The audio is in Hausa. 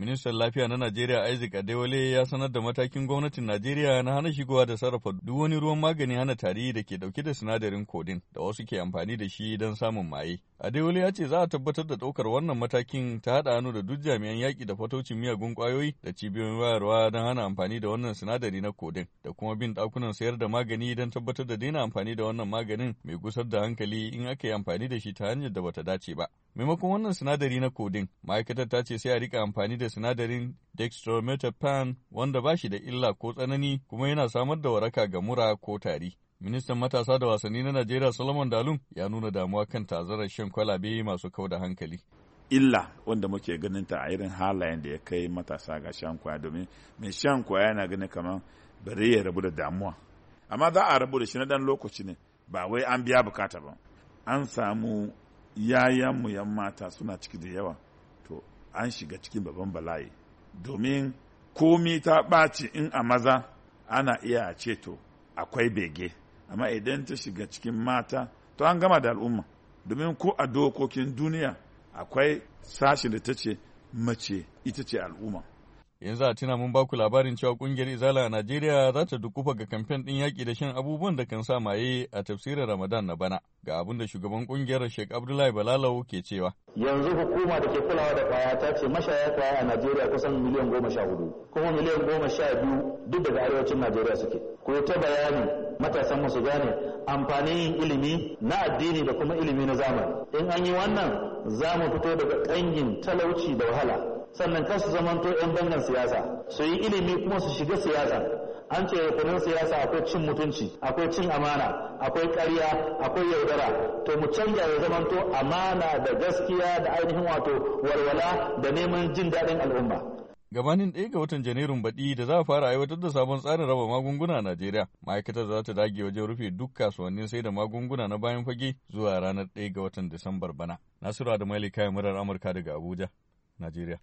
Ministan Lafiya na Najeriya Isaac Adewale ya sanar da matakin gwamnatin Najeriya na hana shigowa da sarrafa duk wani ruwan magani hana tari da ke dauke da sinadarin kodin da wasu ke amfani da shi don samun maye. Adewale ya ce za a tabbatar da ɗaukar wannan matakin ta haɗa hannu da duk jami'an yaki da fatocin miyagun kwayoyi da cibiyoyin wayarwa don hana amfani da wannan sinadari na kodin da kuma bin ɗakunan sayar da magani don tabbatar da daina amfani da wannan maganin mai gusar da hankali in aka yi amfani da shi ta hanyar da bata dace ba. Maimakon wannan sinadari na kodin ma'aikatar ta ce sai a rika amfani da sinadarin dextrometapan wanda ba shi da illa ko tsanani kuma yana samar da waraka ga mura ko tari. Ministan matasa da wasanni na Najeriya Solomon Dalun ya nuna damuwa kan tazarar shan kwalabe masu kau da hankali. illa wanda muke ganin ta a irin halayen da ya kai matasa ga shan kwaya domin mai shan kwaya yana ganin kamar bari ya rabu da damuwa amma za a rabu da shi na dan lokaci ne ba wai an biya bukata ba an samu yayanmu yan mata suna ciki da yawa to an shiga cikin babban bala'i domin komi ta ɓaci in a maza ana iya ce to akwai bege amma idan ta shiga cikin mata to an gama da al'umma domin ko a dokokin duniya akwai sashi da ta ce mace ita ce al'umma yanzu a tuna mun baku labarin cewa kungiyar izala a najeriya za ta dukufa ga kamfen din yaƙi da shan abubuwan da kan sa maye a tafsirin ramadan na bana ga abin da shugaban kungiyar sheikh abdullahi balalau ke cewa yanzu hukuma da ke kulawa da kwaya ta ce mashaya kwaya a najeriya kusan miliyan goma sha hudu kuma miliyan goma sha biyu duk daga arewacin najeriya suke ku ta bayani matasan su gane amfanin yin ilimi na addini da kuma ilimi na zamani in an yi wannan za mu fito daga ƙangin talauci da wahala sannan kar su zamanto 'yan bangan siyasa su yi ilimi kuma su shiga siyasa an ce rukunin siyasa akwai cin mutunci akwai cin amana akwai ƙarya akwai yaudara to mu canja ya zamanto amana da gaskiya da ainihin wato walwala da neman jin daɗin al'umma gabanin ɗaya ga watan janairun baɗi da za a fara aiwatar da sabon tsarin raba magunguna a Najeriya. Ma'aikatar za ta dage wajen rufe duk kasuwannin sai da magunguna na bayan fage zuwa ranar ɗaya ga watan Disambar bana. Nasiru ya kayan murar Amurka daga Abuja, Najeriya.